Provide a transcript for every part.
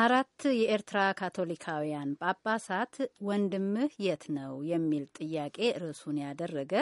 አራት የኤርትራ ካቶሊካውያን ጳጳሳት ወንድምህ የት ነው የሚል ጥያቄ ርዕሱን ያደረገ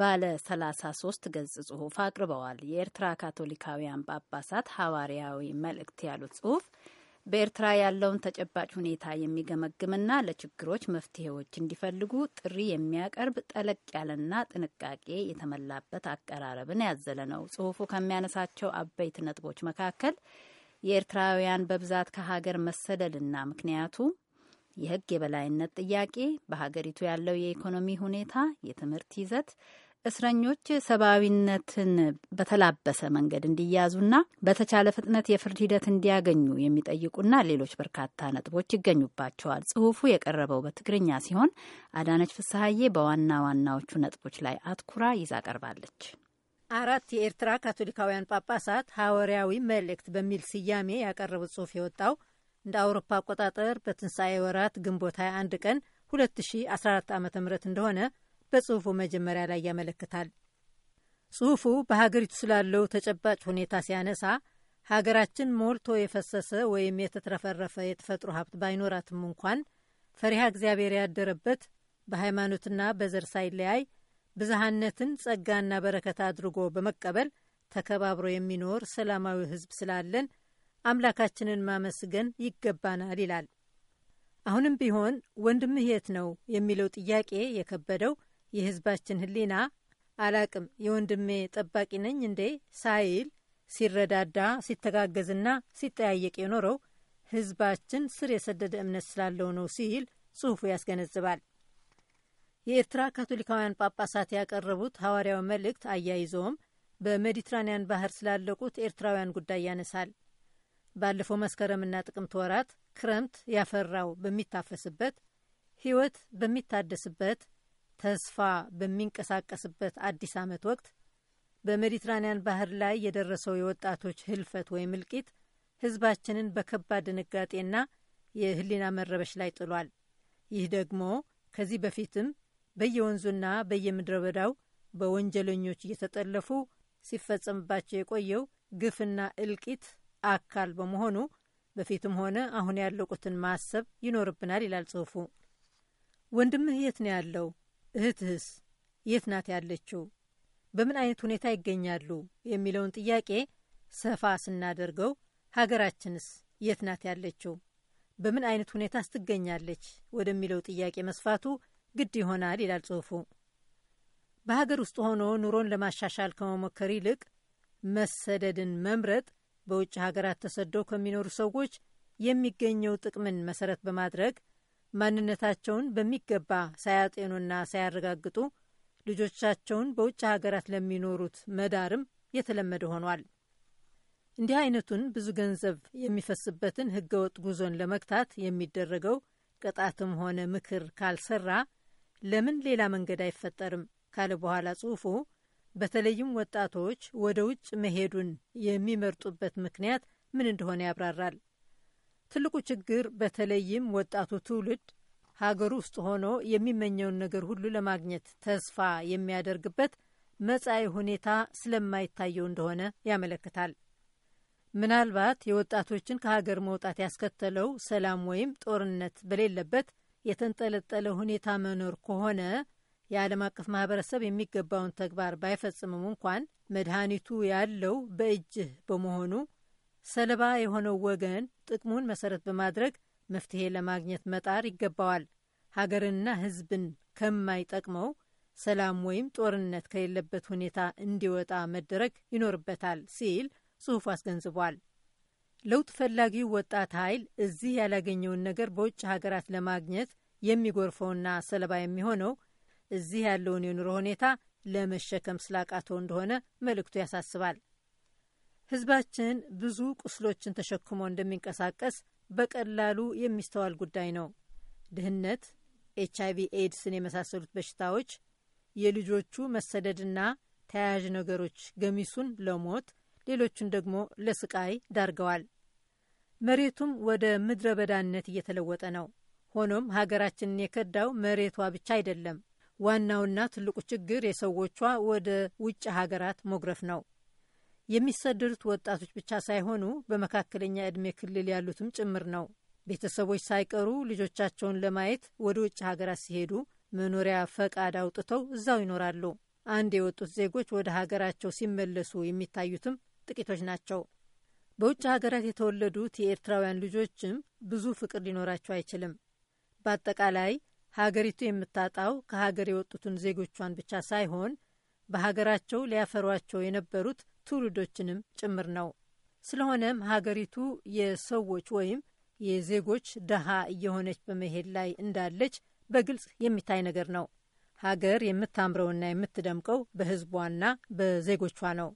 ባለ 33 ገጽ ጽሁፍ አቅርበዋል። የኤርትራ ካቶሊካውያን ጳጳሳት ሐዋርያዊ መልእክት ያሉት ጽሁፍ በኤርትራ ያለውን ተጨባጭ ሁኔታ የሚገመግምና ለችግሮች መፍትሄዎች እንዲፈልጉ ጥሪ የሚያቀርብ ጠለቅ ያለና ጥንቃቄ የተሞላበት አቀራረብን ያዘለ ነው። ጽሁፉ ከሚያነሳቸው አበይት ነጥቦች መካከል የኤርትራውያን በብዛት ከሀገር መሰደድና ምክንያቱ የህግ የበላይነት ጥያቄ፣ በሀገሪቱ ያለው የኢኮኖሚ ሁኔታ፣ የትምህርት ይዘት እስረኞች ሰብአዊነትን በተላበሰ መንገድ እንዲያዙና በተቻለ ፍጥነት የፍርድ ሂደት እንዲያገኙ የሚጠይቁና ሌሎች በርካታ ነጥቦች ይገኙባቸዋል። ጽሁፉ የቀረበው በትግርኛ ሲሆን አዳነች ፍስሀዬ በዋና ዋናዎቹ ነጥቦች ላይ አትኩራ ይዛ ቀርባለች። አራት የኤርትራ ካቶሊካውያን ጳጳሳት ሐዋርያዊ መልእክት በሚል ስያሜ ያቀረቡት ጽሑፍ የወጣው እንደ አውሮፓ አቆጣጠር በትንሣኤ ወራት ግንቦት 21 ቀን 2014 ዓ ም እንደሆነ በጽሑፉ መጀመሪያ ላይ ያመለክታል። ጽሑፉ በሀገሪቱ ስላለው ተጨባጭ ሁኔታ ሲያነሳ ሀገራችን ሞልቶ የፈሰሰ ወይም የተትረፈረፈ የተፈጥሮ ሀብት ባይኖራትም እንኳን ፈሪሃ እግዚአብሔር ያደረበት በሃይማኖትና በዘር ሳይለያይ ብዝሃነትን ጸጋና በረከት አድርጎ በመቀበል ተከባብሮ የሚኖር ሰላማዊ ህዝብ ስላለን አምላካችንን ማመስገን ይገባናል ይላል። አሁንም ቢሆን ወንድምህ የት ነው የሚለው ጥያቄ የከበደው የህዝባችን ህሊና አላቅም የወንድሜ ጠባቂ ነኝ እንዴ ሳይል ሲረዳዳ ሲተጋገዝና ሲጠያየቅ የኖረው ህዝባችን ስር የሰደደ እምነት ስላለው ነው ሲል ጽሑፉ ያስገነዝባል። የኤርትራ ካቶሊካውያን ጳጳሳት ያቀረቡት ሐዋርያዊ መልእክት አያይዘውም በሜዲትራንያን ባህር ስላለቁት ኤርትራውያን ጉዳይ ያነሳል። ባለፈው መስከረምና ጥቅምት ወራት ክረምት ያፈራው በሚታፈስበት፣ ሕይወት በሚታደስበት፣ ተስፋ በሚንቀሳቀስበት አዲስ ዓመት ወቅት በሜዲትራንያን ባህር ላይ የደረሰው የወጣቶች ህልፈት ወይም እልቂት ህዝባችንን በከባድ ድንጋጤና የህሊና መረበሽ ላይ ጥሏል። ይህ ደግሞ ከዚህ በፊትም በየወንዙና በየምድረ በዳው በወንጀለኞች እየተጠለፉ ሲፈጸምባቸው የቆየው ግፍና እልቂት አካል በመሆኑ በፊትም ሆነ አሁን ያለቁትን ማሰብ ይኖርብናል ይላል ጽሑፉ። ወንድምህ የት ነው ያለው? እህትህስ የት ናት ያለችው? በምን አይነት ሁኔታ ይገኛሉ? የሚለውን ጥያቄ ሰፋ ስናደርገው ሀገራችንስ የት ናት ያለችው? በምን አይነት ሁኔታስ ትገኛለች? ወደሚለው ጥያቄ መስፋቱ ግድ ይሆናል ይላል ጽሑፉ። በሀገር ውስጥ ሆኖ ኑሮን ለማሻሻል ከመሞከር ይልቅ መሰደድን መምረጥ በውጭ ሀገራት ተሰደው ከሚኖሩ ሰዎች የሚገኘው ጥቅምን መሰረት በማድረግ ማንነታቸውን በሚገባ ሳያጤኑና ሳያረጋግጡ ልጆቻቸውን በውጭ ሀገራት ለሚኖሩት መዳርም የተለመደ ሆኗል። እንዲህ አይነቱን ብዙ ገንዘብ የሚፈስበትን ህገወጥ ጉዞን ለመግታት የሚደረገው ቅጣትም ሆነ ምክር ካልሰራ ለምን ሌላ መንገድ አይፈጠርም ካለ በኋላ ጽሑፉ በተለይም ወጣቶች ወደ ውጭ መሄዱን የሚመርጡበት ምክንያት ምን እንደሆነ ያብራራል። ትልቁ ችግር በተለይም ወጣቱ ትውልድ ሀገሩ ውስጥ ሆኖ የሚመኘውን ነገር ሁሉ ለማግኘት ተስፋ የሚያደርግበት መጻኢ ሁኔታ ስለማይታየው እንደሆነ ያመለክታል። ምናልባት የወጣቶችን ከሀገር መውጣት ያስከተለው ሰላም ወይም ጦርነት በሌለበት የተንጠለጠለ ሁኔታ መኖር ከሆነ የዓለም አቀፍ ማህበረሰብ የሚገባውን ተግባር ባይፈጽምም እንኳን መድኃኒቱ ያለው በእጅህ በመሆኑ ሰለባ የሆነው ወገን ጥቅሙን መሰረት በማድረግ መፍትሄ ለማግኘት መጣር ይገባዋል። ሀገርንና ሕዝብን ከማይጠቅመው ሰላም ወይም ጦርነት ከሌለበት ሁኔታ እንዲወጣ መደረግ ይኖርበታል ሲል ጽሑፉ አስገንዝቧል። ለውጥ ፈላጊው ወጣት ኃይል እዚህ ያላገኘውን ነገር በውጭ ሀገራት ለማግኘት የሚጎርፈውና ሰለባ የሚሆነው እዚህ ያለውን የኑሮ ሁኔታ ለመሸከም ስላቃተው እንደሆነ መልእክቱ ያሳስባል። ህዝባችን ብዙ ቁስሎችን ተሸክሞ እንደሚንቀሳቀስ በቀላሉ የሚስተዋል ጉዳይ ነው። ድህነት፣ ኤች አይቪ ኤድስን የመሳሰሉት በሽታዎች፣ የልጆቹ መሰደድና ተያያዥ ነገሮች ገሚሱን ለሞት ሌሎቹን ደግሞ ለስቃይ ዳርገዋል። መሬቱም ወደ ምድረ በዳነት እየተለወጠ ነው። ሆኖም ሀገራችንን የከዳው መሬቷ ብቻ አይደለም። ዋናውና ትልቁ ችግር የሰዎቿ ወደ ውጭ ሀገራት ሞግረፍ ነው። የሚሰደዱት ወጣቶች ብቻ ሳይሆኑ በመካከለኛ ዕድሜ ክልል ያሉትም ጭምር ነው። ቤተሰቦች ሳይቀሩ ልጆቻቸውን ለማየት ወደ ውጭ ሀገራት ሲሄዱ መኖሪያ ፈቃድ አውጥተው እዛው ይኖራሉ። አንድ የወጡት ዜጎች ወደ ሀገራቸው ሲመለሱ የሚታዩትም ጥቂቶች ናቸው። በውጭ ሀገራት የተወለዱት የኤርትራውያን ልጆችም ብዙ ፍቅር ሊኖራቸው አይችልም። በአጠቃላይ ሀገሪቱ የምታጣው ከሀገር የወጡትን ዜጎቿን ብቻ ሳይሆን በሀገራቸው ሊያፈሯቸው የነበሩት ትውልዶችንም ጭምር ነው። ስለሆነም ሀገሪቱ የሰዎች ወይም የዜጎች ድሃ እየሆነች በመሄድ ላይ እንዳለች በግልጽ የሚታይ ነገር ነው። ሀገር የምታምረውና የምትደምቀው በሕዝቧና በዜጎቿ ነው።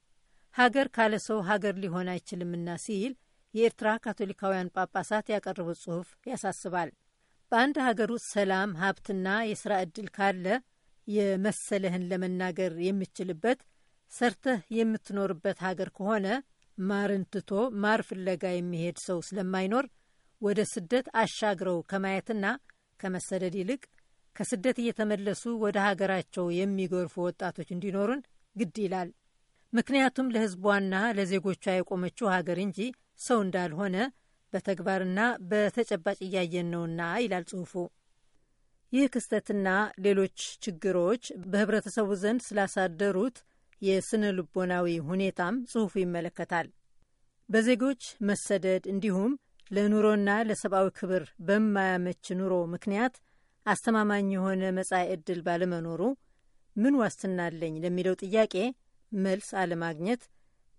ሀገር ካለ ሰው ሀገር ሊሆን አይችልምና ሲል የኤርትራ ካቶሊካውያን ጳጳሳት ያቀረቡት ጽሑፍ ያሳስባል። በአንድ ሀገር ውስጥ ሰላም፣ ሀብትና የሥራ ዕድል ካለ የመሰለህን ለመናገር የምችልበት ሰርተህ የምትኖርበት ሀገር ከሆነ ማርን ትቶ ማር ፍለጋ የሚሄድ ሰው ስለማይኖር ወደ ስደት አሻግረው ከማየትና ከመሰደድ ይልቅ ከስደት እየተመለሱ ወደ ሀገራቸው የሚጎርፉ ወጣቶች እንዲኖሩን ግድ ይላል። ምክንያቱም ለሕዝቧና ለዜጎቿ የቆመችው ሀገር እንጂ ሰው እንዳልሆነ በተግባርና በተጨባጭ እያየን ነውና ይላል ጽሑፉ። ይህ ክስተትና ሌሎች ችግሮች በህብረተሰቡ ዘንድ ስላሳደሩት የስነ ልቦናዊ ሁኔታም ጽሑፉ ይመለከታል። በዜጎች መሰደድ እንዲሁም ለኑሮና ለሰብአዊ ክብር በማያመች ኑሮ ምክንያት አስተማማኝ የሆነ መጻኢ ዕድል ባለመኖሩ ምን ዋስትና አለኝ ለሚለው ጥያቄ መልስ አለማግኘት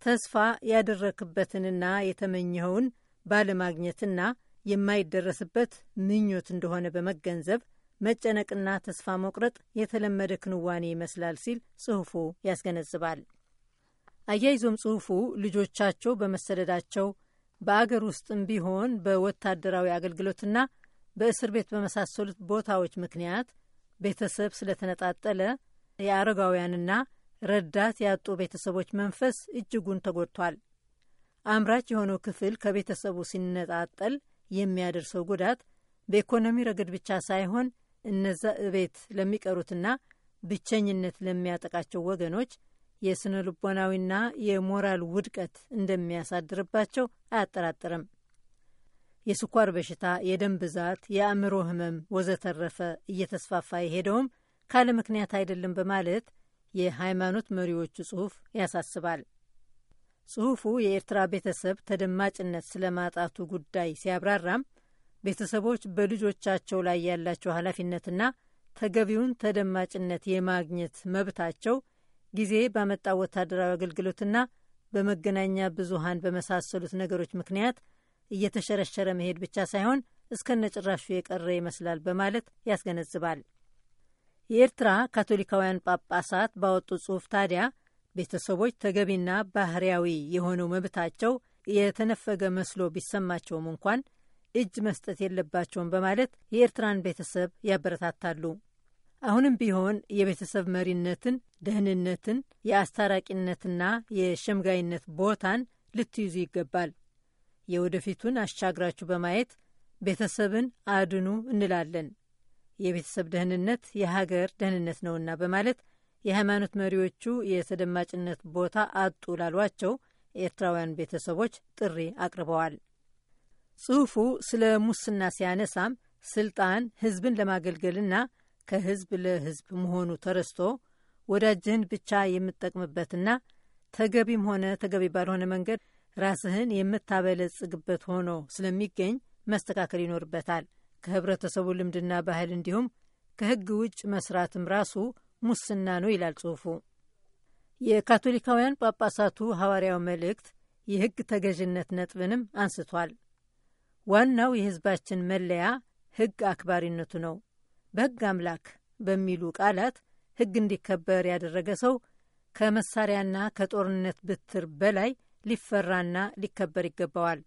ተስፋ ያደረክበትንና የተመኘኸውን ባለማግኘትና የማይደረስበት ምኞት እንደሆነ በመገንዘብ መጨነቅና ተስፋ መቁረጥ የተለመደ ክንዋኔ ይመስላል ሲል ጽሑፉ ያስገነዝባል። አያይዞም ጽሑፉ ልጆቻቸው በመሰደዳቸው በአገር ውስጥም ቢሆን በወታደራዊ አገልግሎትና በእስር ቤት በመሳሰሉት ቦታዎች ምክንያት ቤተሰብ ስለተነጣጠለ የአረጋውያንና ረዳት ያጡ ቤተሰቦች መንፈስ እጅጉን ተጎድቷል። አምራች የሆነው ክፍል ከቤተሰቡ ሲነጣጠል የሚያደርሰው ጉዳት በኢኮኖሚ ረገድ ብቻ ሳይሆን እነዛ እቤት ለሚቀሩትና ብቸኝነት ለሚያጠቃቸው ወገኖች የስነ ልቦናዊና የሞራል ውድቀት እንደሚያሳድርባቸው አያጠራጥርም። የስኳር በሽታ፣ የደም ብዛት፣ የአእምሮ ህመም ወዘተረፈ እየተስፋፋ የሄደውም ካለ ምክንያት አይደለም በማለት የሃይማኖት መሪዎቹ ጽሑፍ ያሳስባል። ጽሑፉ የኤርትራ ቤተሰብ ተደማጭነት ስለማጣቱ ጉዳይ ሲያብራራም ቤተሰቦች በልጆቻቸው ላይ ያላቸው ኃላፊነትና ተገቢውን ተደማጭነት የማግኘት መብታቸው ጊዜ ባመጣው ወታደራዊ አገልግሎትና በመገናኛ ብዙሃን በመሳሰሉት ነገሮች ምክንያት እየተሸረሸረ መሄድ ብቻ ሳይሆን እስከነ ጭራሹ የቀረ ይመስላል በማለት ያስገነዝባል። የኤርትራ ካቶሊካውያን ጳጳሳት ባወጡ ጽሑፍ ታዲያ ቤተሰቦች ተገቢና ባህርያዊ የሆነው መብታቸው የተነፈገ መስሎ ቢሰማቸውም እንኳን እጅ መስጠት የለባቸውም በማለት የኤርትራን ቤተሰብ ያበረታታሉ። አሁንም ቢሆን የቤተሰብ መሪነትን፣ ደህንነትን፣ የአስታራቂነትና የሸምጋይነት ቦታን ልትይዙ ይገባል። የወደፊቱን አሻግራችሁ በማየት ቤተሰብን አድኑ እንላለን። የቤተሰብ ደህንነት የሀገር ደህንነት ነውና በማለት የሃይማኖት መሪዎቹ የተደማጭነት ቦታ አጡ ላሏቸው ኤርትራውያን ቤተሰቦች ጥሪ አቅርበዋል። ጽሑፉ ስለ ሙስና ሲያነሳም ስልጣን ህዝብን ለማገልገልና ከህዝብ ለህዝብ መሆኑ ተረስቶ ወዳጅህን ብቻ የምትጠቅምበትና ተገቢም ሆነ ተገቢ ባልሆነ መንገድ ራስህን የምታበለጽግበት ሆኖ ስለሚገኝ መስተካከል ይኖርበታል። ከህብረተሰቡ ልምድና ባህል እንዲሁም ከህግ ውጭ መስራትም ራሱ ሙስና ነው ይላል ጽሑፉ። የካቶሊካውያን ጳጳሳቱ ሐዋርያው መልእክት የህግ ተገዥነት ነጥብንም አንስቷል። ዋናው የህዝባችን መለያ ህግ አክባሪነቱ ነው። በህግ አምላክ በሚሉ ቃላት ህግ እንዲከበር ያደረገ ሰው ከመሳሪያና ከጦርነት ብትር በላይ ሊፈራና ሊከበር ይገባዋል።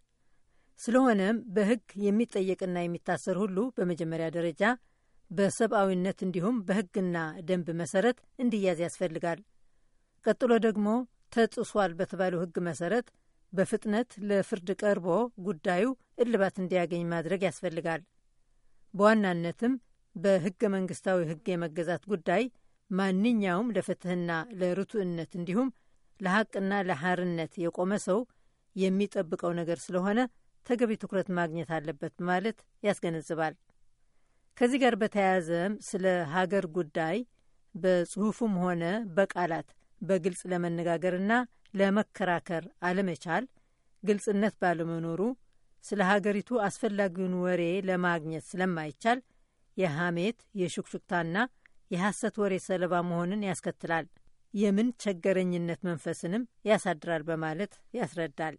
ስለሆነም በሕግ የሚጠየቅና የሚታሰር ሁሉ በመጀመሪያ ደረጃ በሰብአዊነት እንዲሁም በሕግና ደንብ መሰረት እንዲያዝ ያስፈልጋል። ቀጥሎ ደግሞ ተጥሷል በተባለው ሕግ መሰረት በፍጥነት ለፍርድ ቀርቦ ጉዳዩ እልባት እንዲያገኝ ማድረግ ያስፈልጋል። በዋናነትም በሕገ መንግስታዊ ሕግ የመገዛት ጉዳይ ማንኛውም ለፍትህና ለርቱዕነት እንዲሁም ለሐቅና ለሐርነት የቆመ ሰው የሚጠብቀው ነገር ስለሆነ ተገቢ ትኩረት ማግኘት አለበት ማለት ያስገነዝባል። ከዚህ ጋር በተያያዘም ስለ ሀገር ጉዳይ በጽሁፉም ሆነ በቃላት በግልጽ ለመነጋገርና ለመከራከር አለመቻል፣ ግልጽነት ባለመኖሩ ስለ ሀገሪቱ አስፈላጊውን ወሬ ለማግኘት ስለማይቻል የሐሜት የሹክሹክታና የሐሰት ወሬ ሰለባ መሆንን ያስከትላል። የምን ቸገረኝነት መንፈስንም ያሳድራል በማለት ያስረዳል።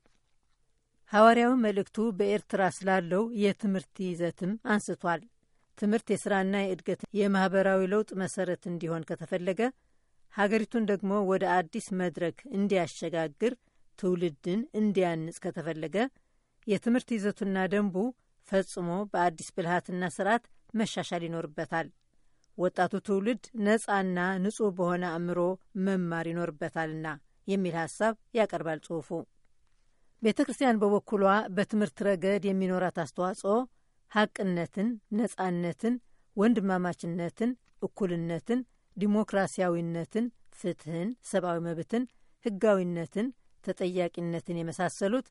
ሐዋርያዊ መልእክቱ በኤርትራ ስላለው የትምህርት ይዘትም አንስቷል። ትምህርት የስራና የእድገት የማህበራዊ ለውጥ መሰረት እንዲሆን ከተፈለገ ሀገሪቱን ደግሞ ወደ አዲስ መድረክ እንዲያሸጋግር ትውልድን እንዲያንጽ ከተፈለገ የትምህርት ይዘቱና ደንቡ ፈጽሞ በአዲስ ብልሃትና ስርዓት መሻሻል ይኖርበታል። ወጣቱ ትውልድ ነፃና ንጹሕ በሆነ አእምሮ መማር ይኖርበታልና የሚል ሀሳብ ያቀርባል ጽሑፉ። ቤተ ክርስቲያን በበኩሏ በትምህርት ረገድ የሚኖራት አስተዋጽኦ ሐቅነትን፣ ነጻነትን፣ ወንድማማችነትን፣ እኩልነትን፣ ዲሞክራሲያዊነትን፣ ፍትህን፣ ሰብአዊ መብትን፣ ህጋዊነትን፣ ተጠያቂነትን የመሳሰሉት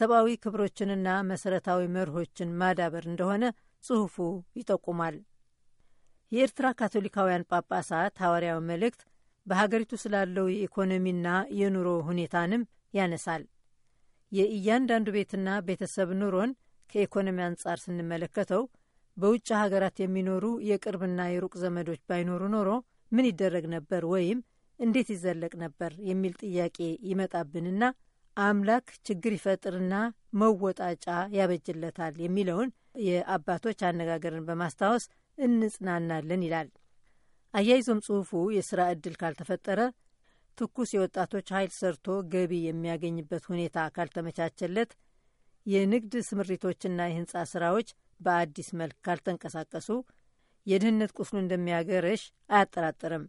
ሰብአዊ ክብሮችንና መሰረታዊ መርሆችን ማዳበር እንደሆነ ጽሑፉ ይጠቁማል። የኤርትራ ካቶሊካውያን ጳጳሳት ሐዋርያዊ መልእክት በሀገሪቱ ስላለው የኢኮኖሚና የኑሮ ሁኔታንም ያነሳል። የእያንዳንዱ ቤትና ቤተሰብ ኑሮን ከኢኮኖሚ አንጻር ስንመለከተው በውጭ ሀገራት የሚኖሩ የቅርብና የሩቅ ዘመዶች ባይኖሩ ኖሮ ምን ይደረግ ነበር ወይም እንዴት ይዘለቅ ነበር የሚል ጥያቄ ይመጣብንና አምላክ ችግር ይፈጥርና መወጣጫ ያበጅለታል የሚለውን የአባቶች አነጋገርን በማስታወስ እንጽናናለን ይላል። አያይዞም ጽሑፉ የሥራ ዕድል ካልተፈጠረ ትኩስ የወጣቶች ኃይል ሰርቶ ገቢ የሚያገኝበት ሁኔታ ካልተመቻቸለት፣ የንግድ ስምሪቶችና የህንፃ ስራዎች በአዲስ መልክ ካልተንቀሳቀሱ የድህነት ቁስሉ እንደሚያገረሽ አያጠራጥርም።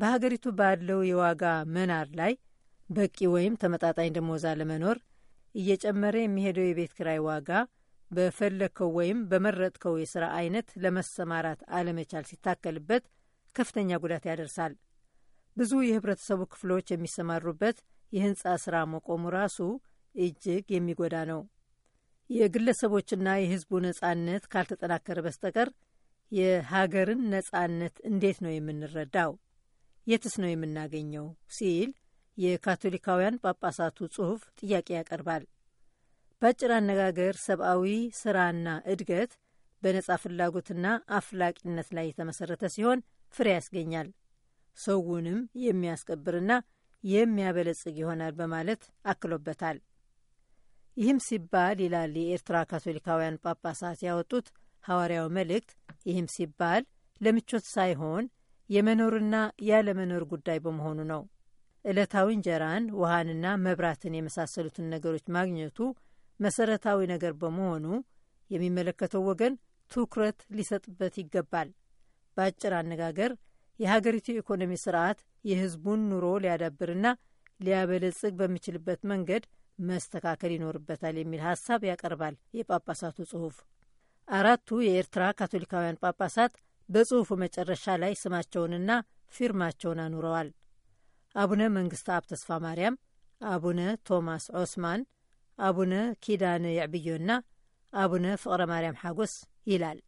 በሀገሪቱ ባለው የዋጋ መናር ላይ በቂ ወይም ተመጣጣኝ እንደመወዛ ለመኖር እየጨመረ የሚሄደው የቤት ክራይ ዋጋ፣ በፈለግከው ወይም በመረጥከው የሥራ አይነት ለመሰማራት አለመቻል ሲታከልበት ከፍተኛ ጉዳት ያደርሳል። ብዙ የህብረተሰቡ ክፍሎች የሚሰማሩበት የህንፃ ስራ መቆሙ ራሱ እጅግ የሚጎዳ ነው። የግለሰቦችና የህዝቡ ነጻነት ካልተጠናከረ በስተቀር የሀገርን ነጻነት እንዴት ነው የምንረዳው? የትስ ነው የምናገኘው? ሲል የካቶሊካውያን ጳጳሳቱ ጽሑፍ ጥያቄ ያቀርባል። በአጭር አነጋገር ሰብአዊ ስራና እድገት በነጻ ፍላጎትና አፍላቂነት ላይ የተመሰረተ ሲሆን ፍሬ ያስገኛል። ሰውንም የሚያስከብርና የሚያበለጽግ ይሆናል በማለት አክሎበታል። ይህም ሲባል ይላል የኤርትራ ካቶሊካውያን ጳጳሳት ያወጡት ሐዋርያው መልእክት፣ ይህም ሲባል ለምቾት ሳይሆን የመኖርና ያለመኖር ጉዳይ በመሆኑ ነው። ዕለታዊ እንጀራን ውሃንና መብራትን የመሳሰሉትን ነገሮች ማግኘቱ መሰረታዊ ነገር በመሆኑ የሚመለከተው ወገን ትኩረት ሊሰጥበት ይገባል። በአጭር አነጋገር የሀገሪቱ የኢኮኖሚ ስርዓት የህዝቡን ኑሮ ሊያዳብርና ሊያበለጽግ በሚችልበት መንገድ መስተካከል ይኖርበታል የሚል ሀሳብ ያቀርባል የጳጳሳቱ ጽሑፍ። አራቱ የኤርትራ ካቶሊካውያን ጳጳሳት በጽሑፉ መጨረሻ ላይ ስማቸውንና ፊርማቸውን አኑረዋል። አቡነ መንግስተ አብ ተስፋ ማርያም፣ አቡነ ቶማስ ዖስማን፣ አቡነ ኪዳነ የዕብዮና አቡነ ፍቅረ ማርያም ሓጎስ ይላል።